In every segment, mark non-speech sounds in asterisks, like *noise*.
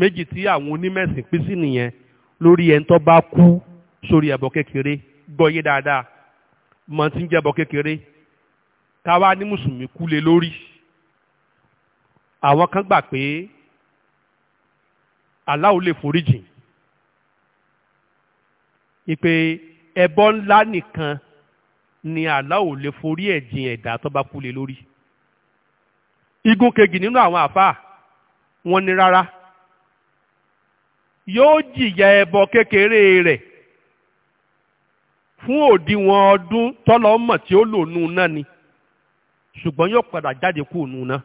méjì tí àwọn onímẹ̀sìn pín sí nìyẹn lórí ẹni tó bá kú sórí ẹbọ kékeré gbọ́ yé dáadáa mọ̀ tí ń jẹ́bọ kékeré táwa ní mùsùlùmí kú lé lórí àwọn kan gbà pé aláwo lè foríjìn ìpè ẹbọ ńlá nìkan ni aláwo lè forí ẹ̀jìn ẹ̀dá tó bá kú lé lórí igun kejì nínú àwọn àfáà wọ́n ní rárá yóò jìyà ẹbọ kékeré rẹ̀ fún òdiwọ̀n ọdún tọ́lọ́ mọ̀ tí ó lò nù náà ni ṣùgbọ́n yóò padà jáde kú nù náà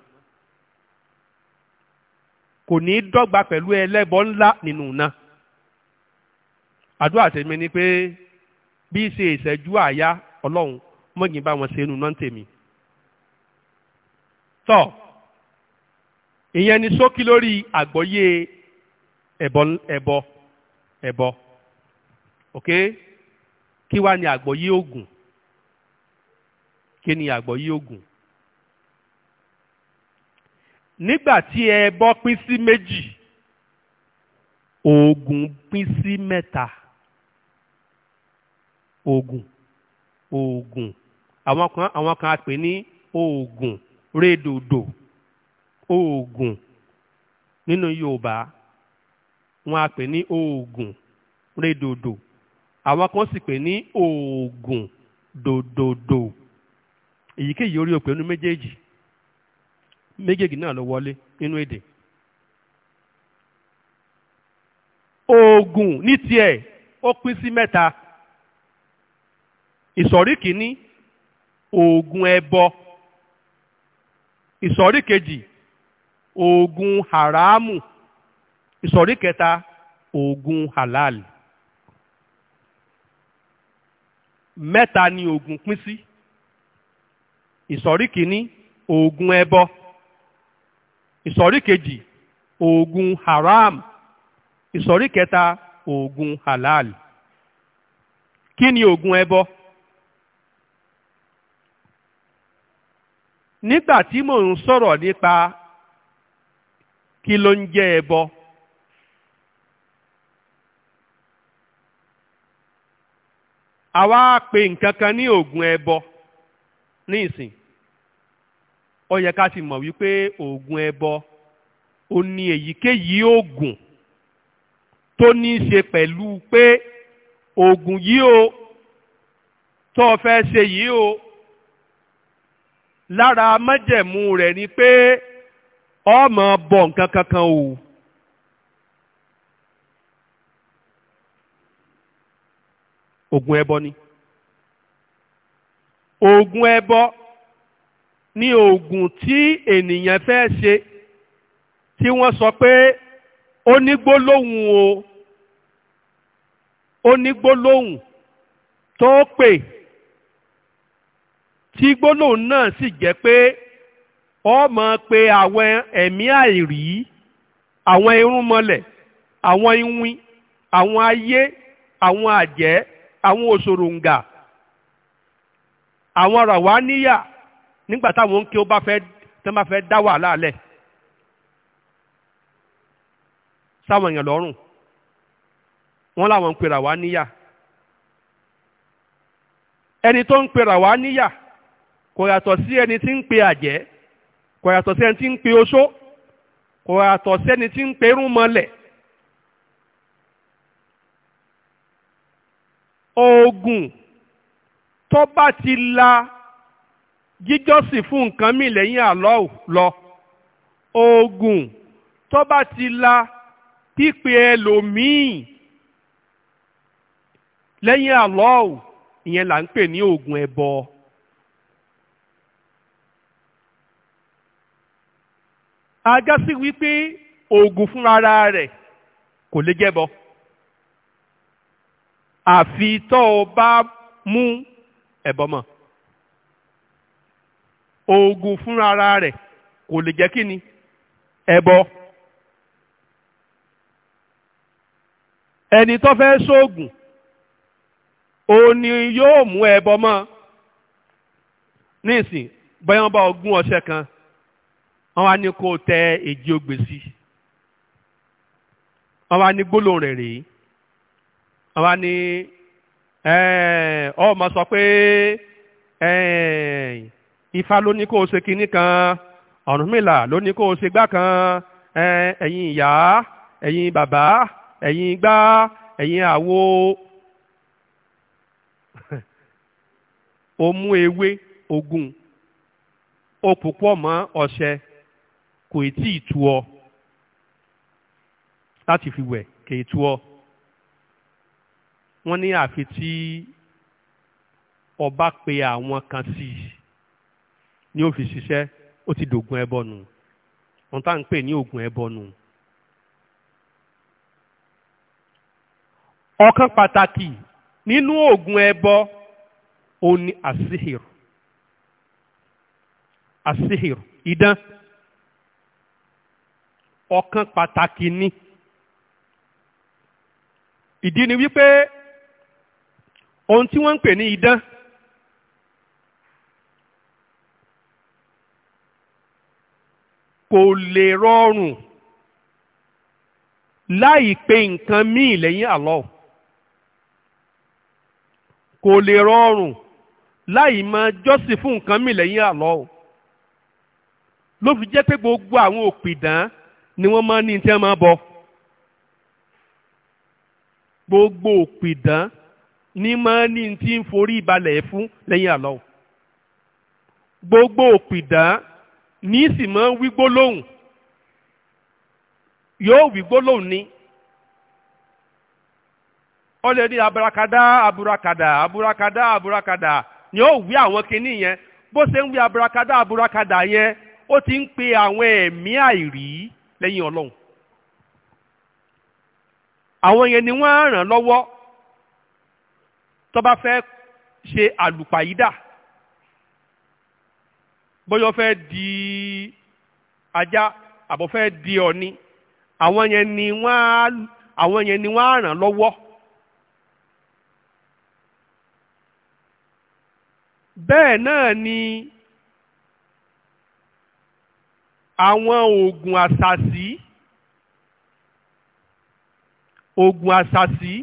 kò ní í dọ́gba pẹ̀lú ẹlẹ́bọ ńlá nínú náà àdúrà tèmi ni pé bí ṣe ìṣẹ́jú àyá ọlọ́run mọ́gìn bá wọn ṣe inú náà tèmi tọ́ ìyẹn ni ṣókí lórí àgbọ́yé ẹbọ ẹbọ ẹbọ ok kí wá ní àgbọ́yé ògùn kí ni àgbọ́yé ògùn nígbà tí ẹbọ pín sí méjì ògùn pín sí mẹ́ta ògùn ògùn àwọn kan àwọn kan á pè ní ògùn rédòdò ògùn nínú Yorùbá. wọ́n á pè ní oògùn rédòdò àwọn kan sì pè ní oògùn dòdòdò èyíkéyìí orí òpè nínú méjèèjì méjèèjì náà ló wọlé nínú èdè oògùn ní tiẹ̀ ó pín sí mẹ́ta ìsọ̀rí kìíní oògùn ẹbọ ìsọ̀rí kejì oògùn haramu ìsọ̀rí kẹta oògùn halal mẹ́ta ni oògùn pín sí ìsọ̀rí kìíní oògùn ẹbọ ìsọ̀rí kejì oògùn haram ìsọ̀rí kẹta oògùn halal kí ni oògùn ẹbọ nígbà tí mò ń sọ̀rọ̀ nípa kí ló ń jẹ́ ẹbọ. àwa pe nǹkan kan ní oògùn ẹbọ ní ìsìn ó yẹ ká mọ̀ wípé oògùn ẹbọ ó ní èyíkéyìí oògùn tó ní í ṣe pẹ̀lú pé oògùn yìí o tó o fẹ́ ṣe yìí o lára májẹ̀mú rẹ̀ ni pé ọmọ bọ nǹkan kankan o. oògùn ẹbọ ni oògùn ẹbọ ni oògùn tí ènìyàn fẹ́ ṣe tí wọ́n sọ pé ó ní gbólóhùn o ó ní gbólóhùn tó pè tí gbólóhùn náà sì jẹ́ pé ó máa pe àwọn ẹ̀mí àìrí àwọn irúnmọlẹ̀ àwọn iwin àwọn ayé àwọn àjẹ́ àwọn òṣòròǹgà àwọn ràwáníyà nígbà táwọn ń ké ó bá fẹ́ tán bá fẹ́ dá wàhálà lẹ̀ sáwọn èèyàn lọ́rùn wọ́n láwọn ń pera wá níyà ẹni tó ń pera wá níyà kò yàtọ̀ sí ẹni tí ń pe àjẹ́ kò yàtọ̀ sí ẹni tí ń pe oṣó kò yàtọ̀ sí ẹni tí ń pe irúnmọlẹ̀ oògùn tó bá ti la jíjọ́sìn fún nǹkan mì lẹ́yìn àlọ́ lọ oògùn tó bá ti la pípe ẹlòmíì lẹ́yìn àlọ́ ìyẹn là ń pè ní oògùn ẹbọ. agá sí wípé oògùn fúnra rẹ̀ kò lè jẹ́bọ. àfi tọ́ ọ bá mú ẹ̀bọ mọ́ oògùn fúnra rẹ̀ kò lè jẹ́ kí ni ẹ̀bọ ẹni tó fẹ́ sóògùn òun ni yóò mú ẹ̀bọ mọ́ nísìn bóyá bá ogún ọṣẹ kan wọn wá ní kó tẹ èjì ogbèsì wọn wá ní gbólóhùn rẹ̀ rèé àwa ni ọmọ sọ pé ifá ló ní kó o ṣe kinní kan ọ̀rúnmìlà ló ní kó o ṣe gbá kan ẹ̀yin ìyá ẹ̀yin bàbá ẹ̀yin gbá ẹ̀yin àwo *laughs* o ewé ogun o mọ́ ọṣẹ kò tí ì tu ọ láti fi wẹ̀ kì í tu ọ wọ́n ní àfi tí ọba pe àwọn kan sí i ní ó fi ṣiṣẹ́ ó ti dògùn ẹbọ nù wọ́n tá à ń pè ní ògùn ẹbọ nù. ọ̀kan pàtàkì nínú ògùn ẹbọ òun ni àṣìhìr àṣìhìr idán ọ̀kan pàtàkì ni ìdí ni wípé ohun tí wọ́n ń pè ní idán kò lè rọrùn láì pe nǹkan míì lẹ́yìn àlọ́ kò lè rọrùn láì máa jọ́sìn fún nǹkan míì lẹ́yìn àlọ́ ló fi jẹ́ pé gbogbo àwọn òpìdán ni wọ́n máa ní tí wọ́n máa bọ gbogbo òpìdán ní máa ní tí ń forí ìbalẹ̀ fún lẹ́yìn àlọ́ gbogbo òpìdá ní sì máa ń wígbó lóhùn yóò wígbó lóhùn ni ó lè ní aburakada aburakada aburakada aburakada ni ó wí àwọn kinní yẹn bó ṣe ń wí aburakada aburakada yẹn ó ti ń pe àwọn ẹ̀mí àìrí lẹ́yìn ọlọ́run àwọn ni wọ́n á ràn tó bá fẹ́ ṣe àlùpàyídà bóyá fẹ́ di ajá àbọ̀ fẹ́ di ọ̀ni àwọn yẹn ni wọ́n á àwọn yẹn ni wọ́n á ràn lọ́wọ́. bẹ́ẹ̀ náà ni àwọn oògùn àṣàṣì oògùn àṣàṣì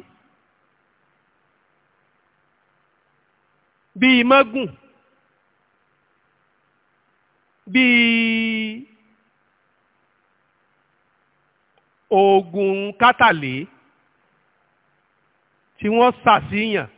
bíi mágùn bíi oògùn kátàlé tí wọ́n sà síyàn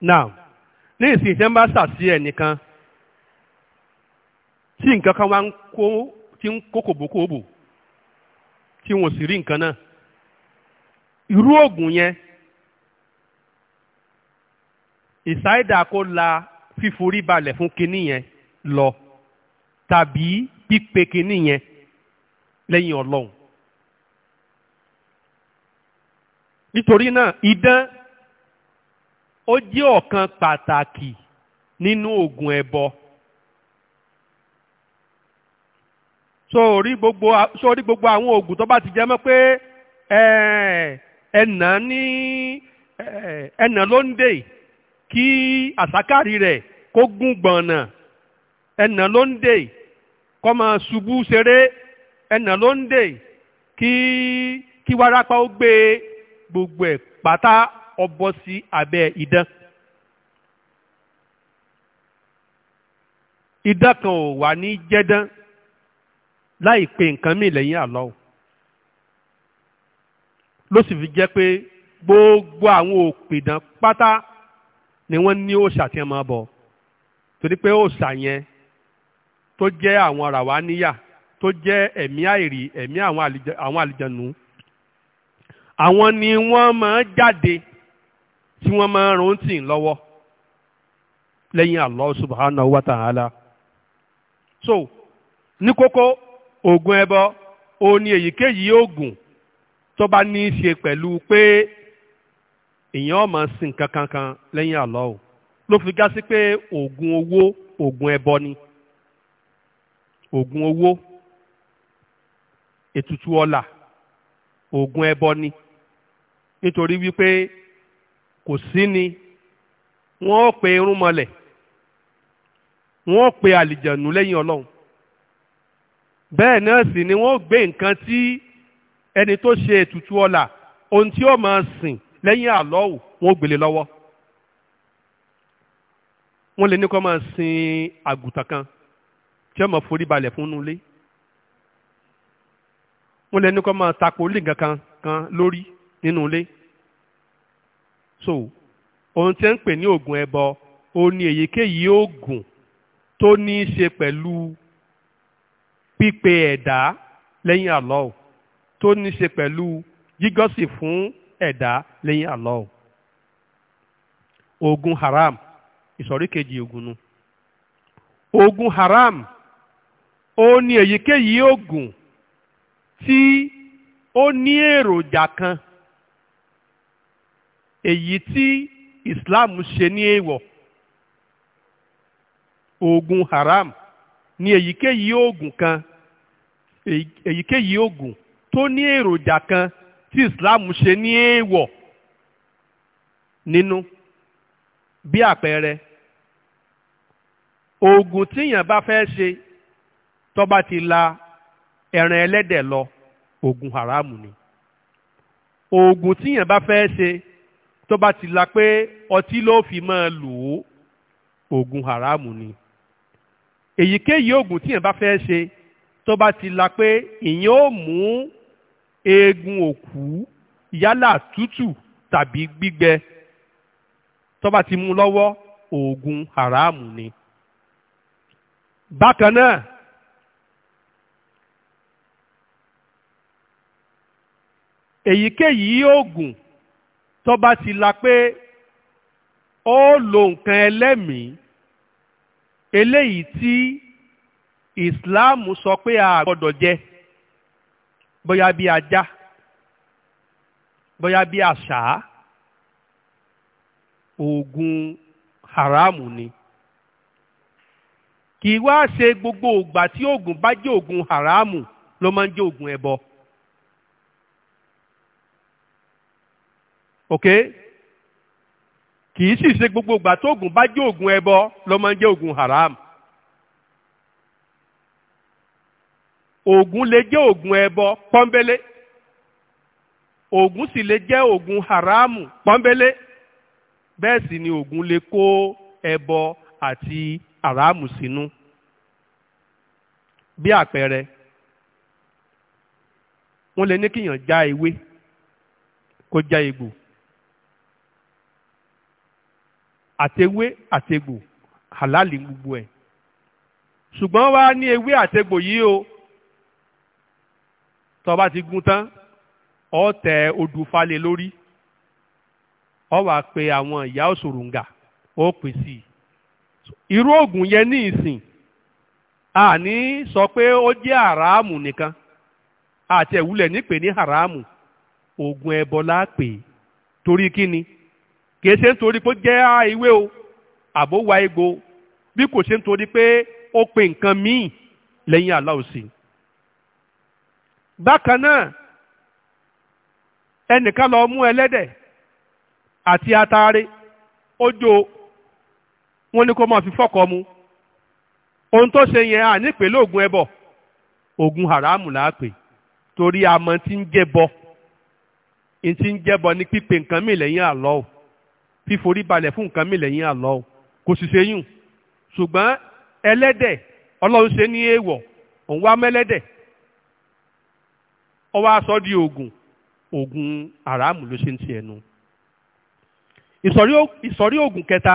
now ní ìsìn mba ń bá sàṣì ẹnìkan tí nǹkan kan wá ń kó tí ń kó kòbókòbò tí wọn ò sì rí nǹkan la fíforí balẹ̀ fún kinní yẹn lọ tàbí pípe kinní yẹn lẹ́yìn ọlọ́run nítorí náà idán ó jẹ́ ọ̀kan pàtàkì nínú oògùn ẹbọ sórí gbogbo àwọn oògùn tó bá ti jẹ́ mọ́ pé ẹ̀nà ní ẹnà ló ń dè kí àsákárì rẹ̀ kó gún gbọ̀nà ẹnà ló ń dè kó máa ṣubú ṣeré ẹnà ló ń dè kí kí wárápá ó gbé gbogbo ẹ̀ pátá ó bọ́ sí abẹ́ idán. idán kan ò wà ní jẹ́dán láì pe nǹkan mì lẹ́yìn àlọ́ o ló sì fi jẹ́ pé gbogbo àwọn òpìdán pátá ni wọ́n ní òòṣà tí wọ́n máa bọ̀ torí pé òòṣà yẹn tó jẹ́ àwọn ràwá níyà tó jẹ́ ẹ̀mí àìrí ẹ̀mí àwọn àlìjànú àwọn ni wọ́n máa jáde tí wọ́n máa ń rún tì ń lọ́wọ́ lẹ́yìn Allah subhanahu wa ta'ala. so ní kókó oògùn ẹbọ o ní èyíkéyìí oògùn tó bá ní í ṣe pẹ̀lú pé èèyàn ò máa sìn lẹ́yìn Allah o ló fi já sí pé oògùn owó oògùn ẹbọ ni oògùn owó ètùtù ọlà oògùn ẹbọ ni nítorí wípé kò sí ni wọ́n ó pe irúnmọlẹ̀ wọ́n ó pe àlìjànú lẹ́yìn ọlọ́run bẹ́ẹ̀ náà sì ni wọ́n ó gbé nǹkan tí ẹni tó ṣe ètùtù ọlà ohun tí ó máa sìn lẹ́yìn àlọ́wù wọ́n gbélé lọ́wọ́ wọ́n lè ní kó máa sin àgùntàn kan tí ó máa forí balẹ̀ fún nulẹ̀ wọ́n lè ní kó máa tako lìǹkan kan lórí nínú ilé so ohun tí ń pè ní ògùn ẹbọ ó ní èyíkéyìí ògùn tó ní í ṣe pẹ̀lú pípe ẹ̀dá lẹ́yìn Allah tó ní í ṣe pẹ̀lú jígọ́sì fún ẹ̀dá lẹ́yìn Allah ògùn haram ìsọ̀rí kejì ògùn nu ògùn haram ó ní èyíkéyìí ògùn tí ó ní èròjà kan èyí tí Islam ṣe ní èèwọ̀ oògùn haram ní èyíkéyìí oògùn kan èyíkéyìí oògùn tó ní èròjà kan tí Islam ṣe ní èèwọ̀ nínú bí àpẹẹrẹ oògùn tíyàn bá fẹ́ ṣe tó ti la ẹran ẹlẹ́dẹ̀ lọ oògùn haram ni oògùn tíyàn bá fẹ́ ṣe tó bá ti la pé ọtí ló fi máa lò ó oògùn haramu ni èyíkéyìí oògùn tí yẹn bá fẹ́ ṣe tó bá ti la pé ìyẹn ó mú eegun òkú yálà tútù tàbí gbígbẹ tó bá ti mú lọ́wọ́ oògùn haramu ni bákan náà èyíkéyìí oògùn tó bá ti la pé ó lo nǹkan ẹlẹ́mìí eléyìí tí Islam sọ pé a gbọ́dọ̀ jẹ bóyá bí ajá bóyá bí àṣà oògùn haramu ni kì í wá ṣe gbogbo ìgbà tí oògùn bá jẹ́ oògùn haramu ló máa ń jẹ́ oògùn ẹbọ. E ok kì í sì ṣe gbogbo ìgbà tó oògùn bá jẹ́ oògùn ẹbọ ló máa ń jẹ́ oògùn haram oògùn lè jẹ́ oògùn ẹbọ pọ́nbélé oògùn sì lè jẹ́ oògùn haramu pọ́nbélé bẹ́ẹ̀ sì ni oògùn lè kó ẹbọ àti haramu sínú bí àpẹẹrẹ wọ́n lè ní kíyàn já ewé kó já egbò àtewé àtegbò halali gbogbo ẹ̀ ṣùgbọ́n wá ní ewé àtegbò yìí o tó bá ti gún tán ọ tẹ odù falẹ̀ lórí ọ wà pé àwọn ìyá òṣòròǹgà ó pè sí i irú oògùn yẹn ní ìsìn àní sọ pé ó jẹ́ àràámù nìkan àti ẹ̀wúlẹ̀ nípè ní àràámù oògùn ẹ̀bọ lápè torí kí ni. kìí ṣe nítorí pé jẹ́ o àbó wa egbò bí kò ṣe nítorí pé ó pe nǹkan míì lẹ́yìn aláwọ̀ sí. bákan náà ẹnìkan lọ mú ẹlẹ́dẹ̀ àti atare ó jó wọn ni kó máa fi fọ́kọ mu ohun tó ṣe yẹn à nípe lóògùn ẹbọ ògùn haramu là á pè torí amọ̀ ti ń jẹ́ bọ ní tí ń jẹ́ bọ ní pípe nǹkan mìíràn lẹ́yìn fíforí balẹ̀ fún nǹkan mi lẹ́yìn àlọ́ kò sì ṣe yùn ṣùgbọ́n ẹlẹ́dẹ̀ ọlọ́run ṣe ní èèwọ̀ òun wá mẹ́lẹ́dẹ̀ ó wá sọ di ogun oògùn àràmù ló ṣe ń ti ẹnu ìsọ̀rí oògùn kẹta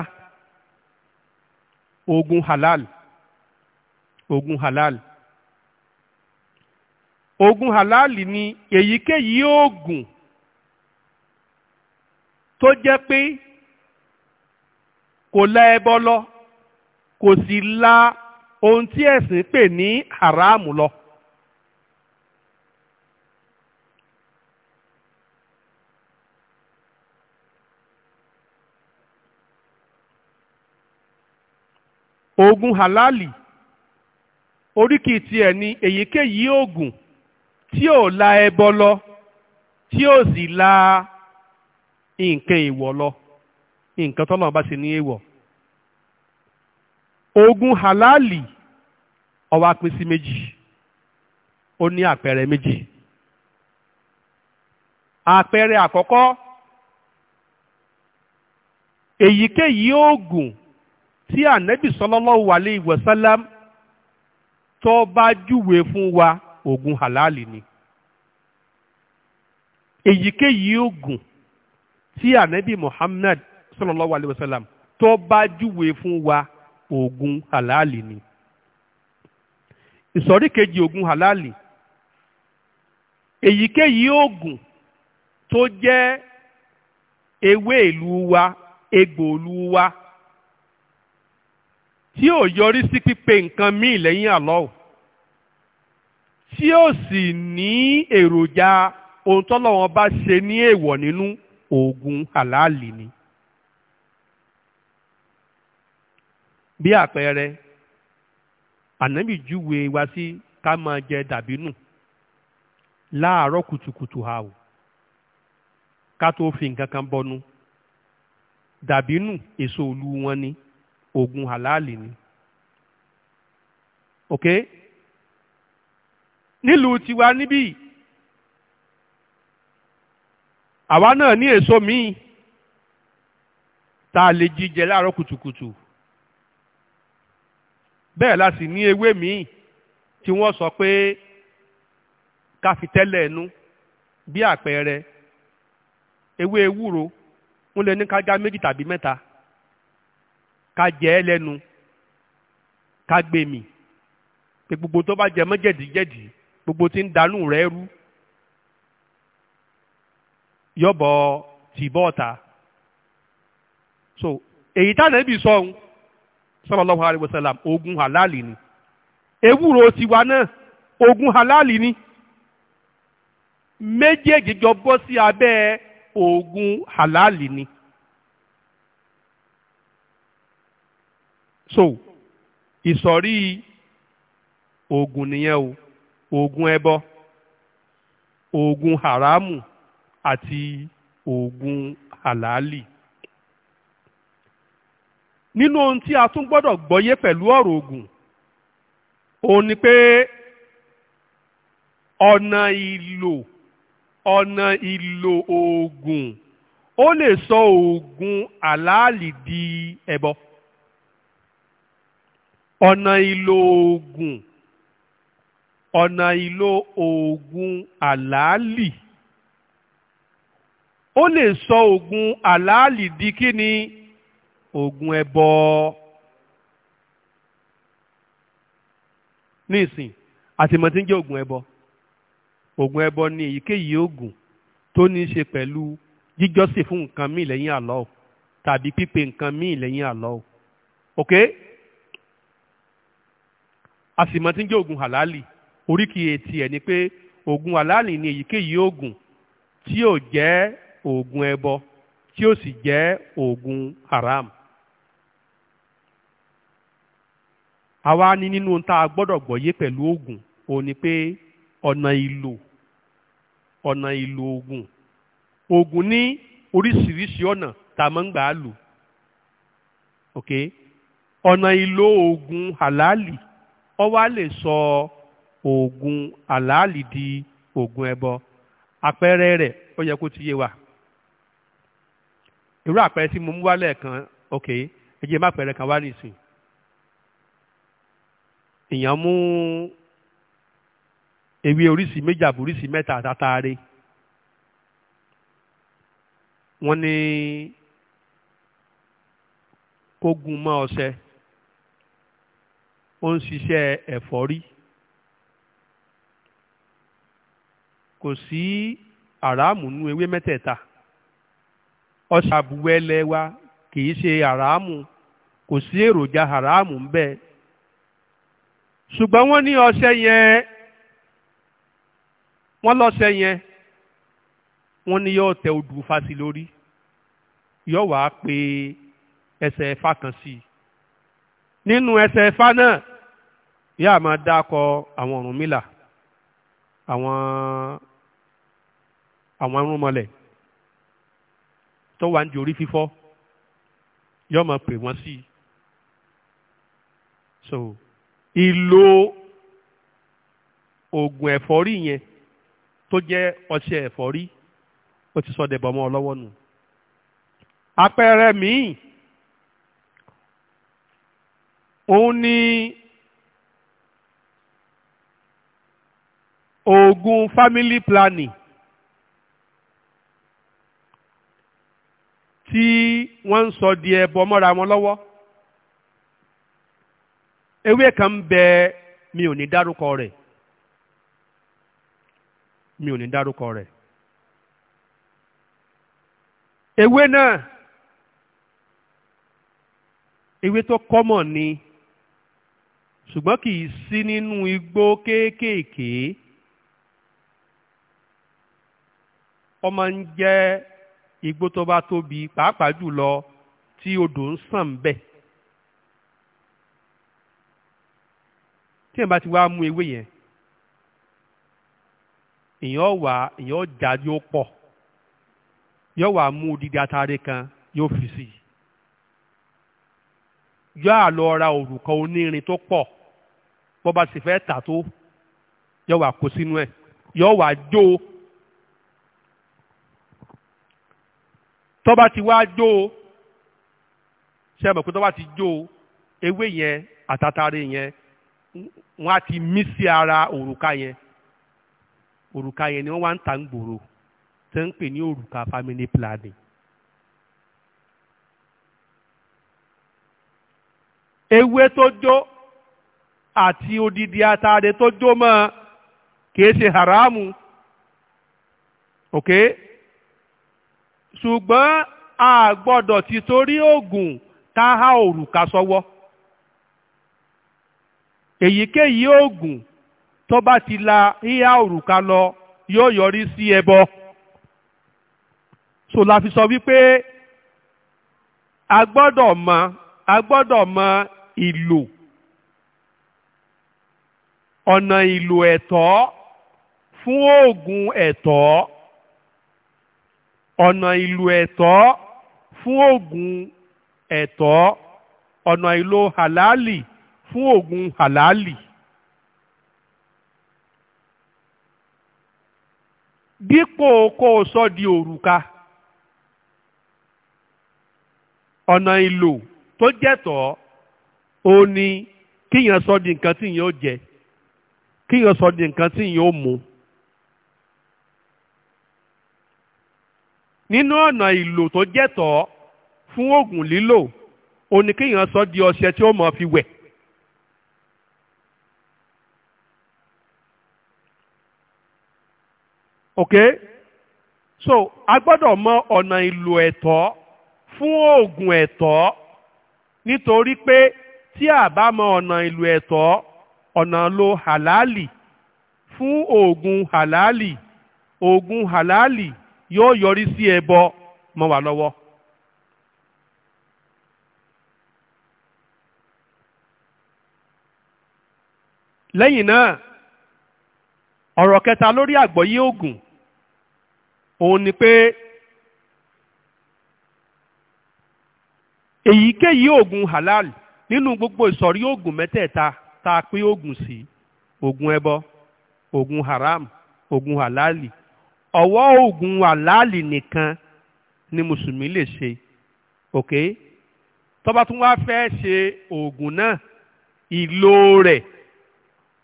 oògùn halal ogun halal ogun halal ni èyíkéyìí oògùn tó jẹ́ pé kò la ẹbọ lọ kò sì la ohun tí ẹ̀sìn pè ní haramu lọ. oògùn halali oríkì tiẹ̀ ni èyíkéyìí oògùn tí ò la ẹbọ lọ tí ò sì la nǹkan ìwọ̀ lọ nǹkan tọ́lọ́ bá ṣe ní èèwọ̀ oògùn halali ó wá pín sí méjì ó ní àpẹẹrẹ méjì àpẹẹrẹ àkọ́kọ́ èyíkéyìí oògùn tí ànẹ́bì sallallahu alayhi wa sallam tó bá júwe fún wa oògùn halali ni èyíkéyìí oògùn tí ànẹ́bì Muhammad sallallahu alaihi wasallam tó bá júwe fún wa oògùn halali ni ìsọ̀rí kejì ogun halali èyíkéyìí oògùn tó jẹ́ ewé ìlú wa egbò ìlú wa tí ò yọrí sí pípe nǹkan míì lẹ́yìn àlọ́ọ̀ tí ó sì ní èròjà ohun tọ́lọ́wọ́n bá ṣe ní èèwọ̀ nínú oògùn halali ni. bí àpẹẹrẹ ànábì júwe wa sí ká máa jẹ dàbínù láàárọ̀ kùtùkùtù ha o ká tó fi nǹkan kan bọnu dàbínù èso òlu wọn ni oògùn halali ni ok nílùú tiwa níbí àwa náà ní èso míì tá a lè jíjẹ láàárọ̀ kùtùkùtù bẹ́ẹ̀ la sì ní ewé míì tí wọ́n sọ pé ká fi tẹ́lẹ̀ ẹnu bí àpẹẹrẹ ewé ewúro ń lè ní ká já méjì tàbí mẹ́ta ká jẹ ẹ́ lẹ́nu ká gbé mì pé gbogbo tó bá jẹ mọ́ gbogbo tí ń danú rẹ̀ rú yọ̀bọ̀ tìbọ̀ ọ̀tà so èyí tánà ibi sọ̀hún. So, sallallahu alaihi wasallam oògùn halali ni ewúro tiwa náà oògùn halali ni méjèèjì jọ bọ́ sí abẹ́ oògùn halali ni. so ìsọ̀rí oògùn nìyẹn o Ogun ẹbọ Ogun haramu àti Ogun halali nínú ohun tí a tún gbọ́dọ̀ gbọ́yé pẹ̀lú ọ̀rọ̀ ògùn òun ni pé ọ̀nà ìlò ọ̀nà ìlò ògùn ó lè sọ ògùn àlàálì di ẹbọ ọ̀nà ìlò ògùn ọ̀nà ìlò ògùn àlàálì ó lè sọ ògùn àlàálì di kí ni oògùn ẹbọ ní ìsìn àtìmọ̀ tí ń jẹ́ oògùn ẹbọ oògùn ẹbọ ni èyíkéyìí oògùn tó ní í ṣe pẹ̀lú jíjọ́sìn fún nǹkan míì lẹ́yìn Allah tàbí pípe nǹkan míì lẹ́yìn Allah ok àtìmọ̀ tí ń jẹ́ oògùn halali oríkì etí ẹ̀ ni pé oògùn halali ni èyíkéyìí oògùn tí yóò jẹ́ oògùn ẹbọ tí yóò sì jẹ́ oògùn haram àwa ní nínú tá a gbọ́dọ̀ gbọ́yé pẹ̀lú oògùn ó ní pé ọ̀nà ìlò ọ̀nà ìlò oògùn oògùn ní oríṣiríṣi ọ̀nà tá a máa ń gbà á lò ok ọ̀nà ìlò oògùn àlàálì ó wá lè sọ oògùn àlàálì di oògùn ẹbọ àpẹẹrẹ rẹ̀ ó yẹ kó ti yé wa irú àpẹẹrẹ tí mo mú wá lẹ́ẹ̀kan ok ẹ jẹ́ má pẹ̀rẹ̀ kan wá nìsín èèyàn mú ewé oríṣi méjì àbò oríṣi mẹ́ta àtàtàre wọ́n ní kó gún mọ́ ọṣẹ ó ń ṣiṣẹ́ ẹ̀fọ́rí kò sí àràámù nú ewé mẹ́tẹ̀ẹ̀ta ọṣà àbúwẹ́lẹ́ wa kì í ṣe àràámù kò sí èròjà àràámù ń bẹ́ẹ̀. ṣùgbọ́n wọ́n ní ọṣẹ yẹn wọ́n lọ́ṣẹ yẹn wọ́n ní yóò tẹ odù fásí lórí yóò wá pé ẹsẹ̀ ẹ̀fà kan sí i nínú ẹsẹ̀ ẹ̀fà náà yóò máa dákọ àwọn Ọ̀rúnmìlà àwọn àwọn irúnmọlẹ̀ tó wà ń orí fífọ́ yóò máa pè wọ́n sí i so ìlò oògùn ẹ̀fọ́rí yẹn tó jẹ́ ọṣẹ ẹ̀fọ́rí ó ti sọ dẹ̀bọ̀ mọ́ ọ lọ́wọ́ nù. àpẹẹrẹ míì òun ni oògùn family planning tí wọ́n ń sọ di ẹbọ mọ́ra wọn lọ́wọ́ ewé kan ń bẹ mi ò ní dárúkọ rẹ̀ mi ò ní dárúkọ rẹ̀ ewé náà ewé tó kọ́mọ̀ ni ṣùgbọ́n kì í sí nínú igbó kéékèèké ọmọ ń jẹ́ igbó tó bá tóbi pàápàá jùlọ tí odò ń sàn bẹ́ẹ̀. tí èèyàn bá ti wá mú ewé yẹn èèyàn wà èèyàn jà yóò pọ̀ yóò wà mú odidi atare kan yóò fi sí yóò à lọ ra òrùka onírin tó pọ̀ bó bá sì fẹ́ tà tó yóò wà kó sínú ẹ̀ yóò wà jó o ti wá jó ṣe é mọ̀ pé tó ti jó ewé yẹn àtàtàrẹ yẹn wọ́n á ti mí sí ara òrùka yẹn òrùka yẹn ni wọ́n wá ń ta ń gbòòrò tó ń pè ní òrùka family planning. ewé tó jó àti odidi ataare tó jó mọ́ kìí ṣe haramu ok ṣùgbọ́n a gbọ́dọ̀ ti torí oògùn tá a òrùka sọ́wọ́. So èyíkéyìí oògùn tó bá ti la híhá òrùka lọ yóò yọrí sí ẹbọ so la fi sọ wípé a gbọ́dọ̀ mọ a gbọ́dọ̀ mọ ìlò ọ̀nà ìlò ẹ̀tọ́ fún oògùn ẹ̀tọ́ ọ̀nà ìlò ẹ̀tọ́ fún oògùn ẹ̀tọ́ ọ̀nà ìlò hàlálì fún oògùn halali. dípò kó o sọ di òrùka ọ̀nà ìlò tó jẹ́tọ̀ ó ní kíyàn sọ di nǹkan tí yàn ó jẹ kíyàn sọ di nǹkan tí yàn ó mu. nínú ọ̀nà ìlò tó jẹ́tọ̀ fún oògùn lílò ó ní kíyàn sọ di ọṣẹ tí ó mọ̀ fi wẹ̀. ok so a gbọ́dọ̀ mọ ọna ilu ẹ̀tọ́ fún oogun ẹ̀tọ́ nitori pe tí a bá mọ ọna ilu ẹ̀tọ́ ọna lo halali fún oogun halali oogun halali yoo yọrí sí ẹbọ mọ́ wa lọ́wọ́. lẹ́yìn náà ọ̀rọ̀ kẹta lórí àgbọ́yé oògùn òun ni pé èyíkéyìí oògùn halal nínú gbogbo ìsọ̀rí oògùn mẹ́tẹ̀ẹ̀ta tá a pín oògùn sí oògùn ẹbọ oògùn haram oògùn halali ọ̀wọ́ oògùn halali nìkan ni mùsùlùmí lè ṣe ok tọba bá tún wá fẹ́ ṣe oògùn náà ìlò rẹ̀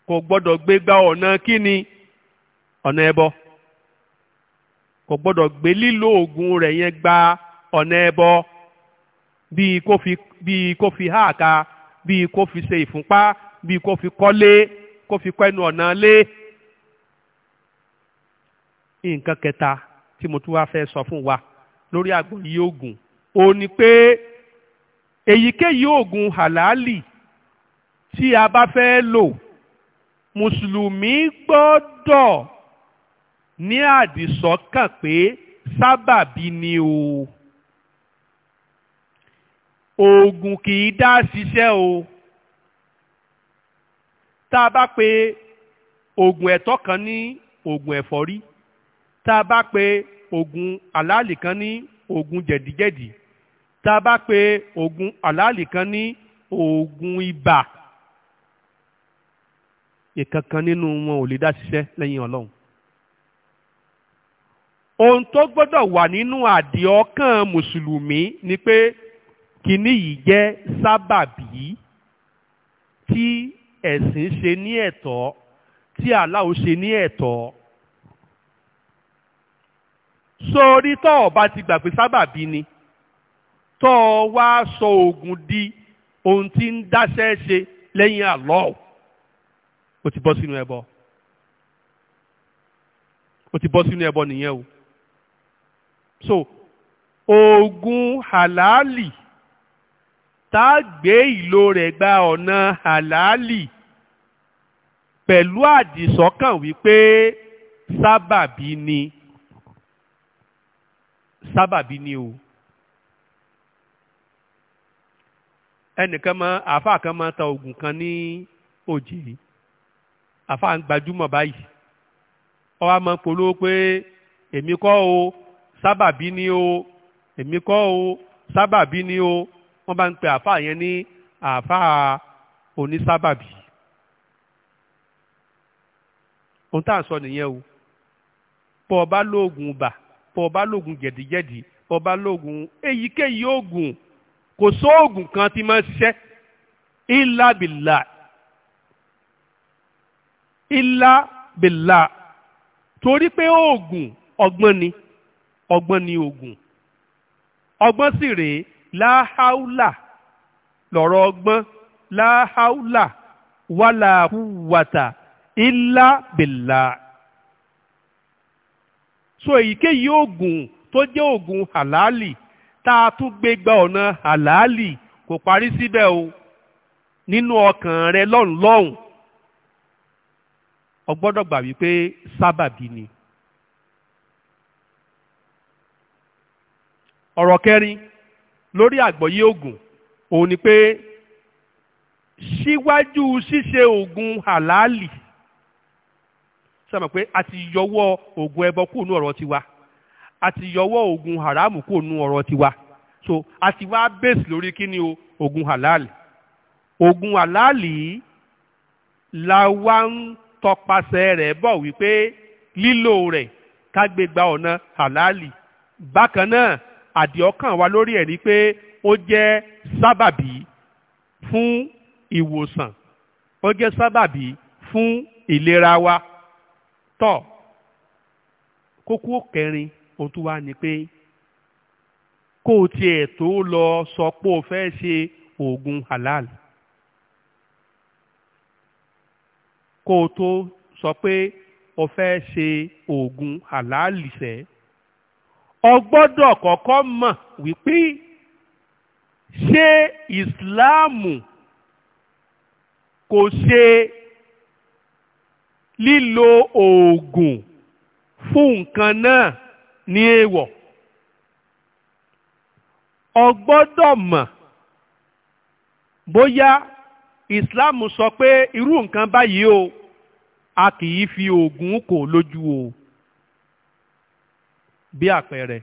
kò gbọ́dọ̀ gbégbá ọ̀nà kíni ọ̀nà ẹbọ. E kò gbọ́dọ̀ gbé lílo oògùn rẹ̀ yẹn gba ọ̀nà ẹbọ bíi kó fi bíi kó fi háàka bíi kó fi ṣe ìfúnpá bíi kó fi kọ́lé kó fi kọ́ ẹnu ọ̀nà lé. nǹkan kẹta tí mo tún wá fẹ́ sọ fún wa lórí àgbọ́yé oògùn ó ní pé èyíkéyìí oògùn hàlálì tí a bá fẹ́ lò mùsùlùmí gbọ́dọ̀ ní àdìsọ́kàn pé sábàbí ni o oògùn kì í dá ṣiṣẹ́ o tá a bá pe oògùn ẹ̀tọ́ kan ní oògùn ẹ̀fọ́rí tá a bá pe oògùn àlálì kan ní oògùn jẹ̀díjẹ̀dí tá a bá pe oògùn àlálì kan ní oògùn ibà ìkankan nínú wọn ò lè dá ṣiṣẹ́ lẹ́yìn ọlọ́run ohun tó gbọ́dọ̀ wà nínú àdìọ́kàn mùsùlùmí ni pé kínní yìí jẹ́ sábàbí tí ẹ̀sìn ṣe ní ẹ̀tọ́ tí Allah ṣe ní ẹ̀tọ́ sórí tó o bá ti gbà pé sábàbí ni tó o wá sọ oògùn di ohun tí ń dáṣẹ́ ṣe lẹ́yìn Allah o ti bọ́ sínú ẹbọ o ti bọ́ sínú ẹbọ nìyẹn o so oògùn halali tá a gbé ìlò rẹ̀ gba ọ̀nà halali pẹ̀lú àdìsọ́kàn wípé sábàbí ni sábàbí ni o ẹnìkan mọ àáfàá kan máa ta oògùn kan ní òjì àáfàá ń gbajúmọ̀ báyìí ó wá máa polówó pé èmi kọ́ o sábàbí ni o èmi kọ́ o sábàbí ni o wọ́n bá ń pe àáfàá yẹn ní àáfàá onísábàbí ohun tá à ń sọ nìyẹn o bọ́ ọ bá lóògùn bà bọ́ ọ lóògùn jẹ̀díjẹ̀dí bọ́ ọ lóògùn èyíkéyìí oògùn kò sóògùn kan tí máa ń ṣiṣẹ́ illa billah illa billah torí pé oògùn ọgbọ́n ni ọgbọ́n ni oògùn ọgbọ́n sì rèé láháúlà lọ̀rọ̀ ọgbọ́n láháúlà wàlàkúwàtà ilá bìlà so èyíkéyìí oògùn tó jẹ́ oògùn hàlálì tá a tún gbé gba ọ̀nà hàlálì kò parí síbẹ̀ o nínú ọkàn rẹ lọ́hùn lọ́hùn gbà wípé sábàbí ni. ọ̀rọ̀ kẹrin lórí àgbọ́yé ògùn òun ni pé síwájú ṣíṣe ògùn hàlálì sọmọ pé a ti yọwọ́ ògùn ẹbọ kúrò ní ọ̀rọ̀ tiwa a ti yọwọ́ ògùn haramu kúrò ní ọ̀rọ̀ tiwa so a ti wá bẹ́ẹ̀sì lórí kíni o ògùn hàlálì ògùn hàlálì la wá ń tọpasẹ̀ rẹ̀ bọ̀ wípé lílò rẹ̀ ká gbé ọ̀nà hàlálì bákan náà àdìọ́kàn wa lórí ẹ̀ ni pé ó jẹ́ sábàbí fún ìwòsàn ó jẹ́ sábàbí fún ìlera wa tọ́ kókó kẹrin ohun tó wá ni pé kó o tiẹ̀ tó lọ sọ pé o fẹ́ ṣe oògùn halal kó o tó sọ pé o fẹ́ ṣe oògùn halal ṣẹ́ o gbọ́dọ̀ kọ́kọ́ mọ̀ wípé ṣé ìsìláàmù kò ṣe lílo oògùn fún nǹkan náà ní èèwọ̀ o gbọ́dọ̀ mọ̀ bóyá ìsìláàmù sọ pé irú nǹkan báyìí o a kì í fi oògùn kò lójú o bí àpẹẹrẹ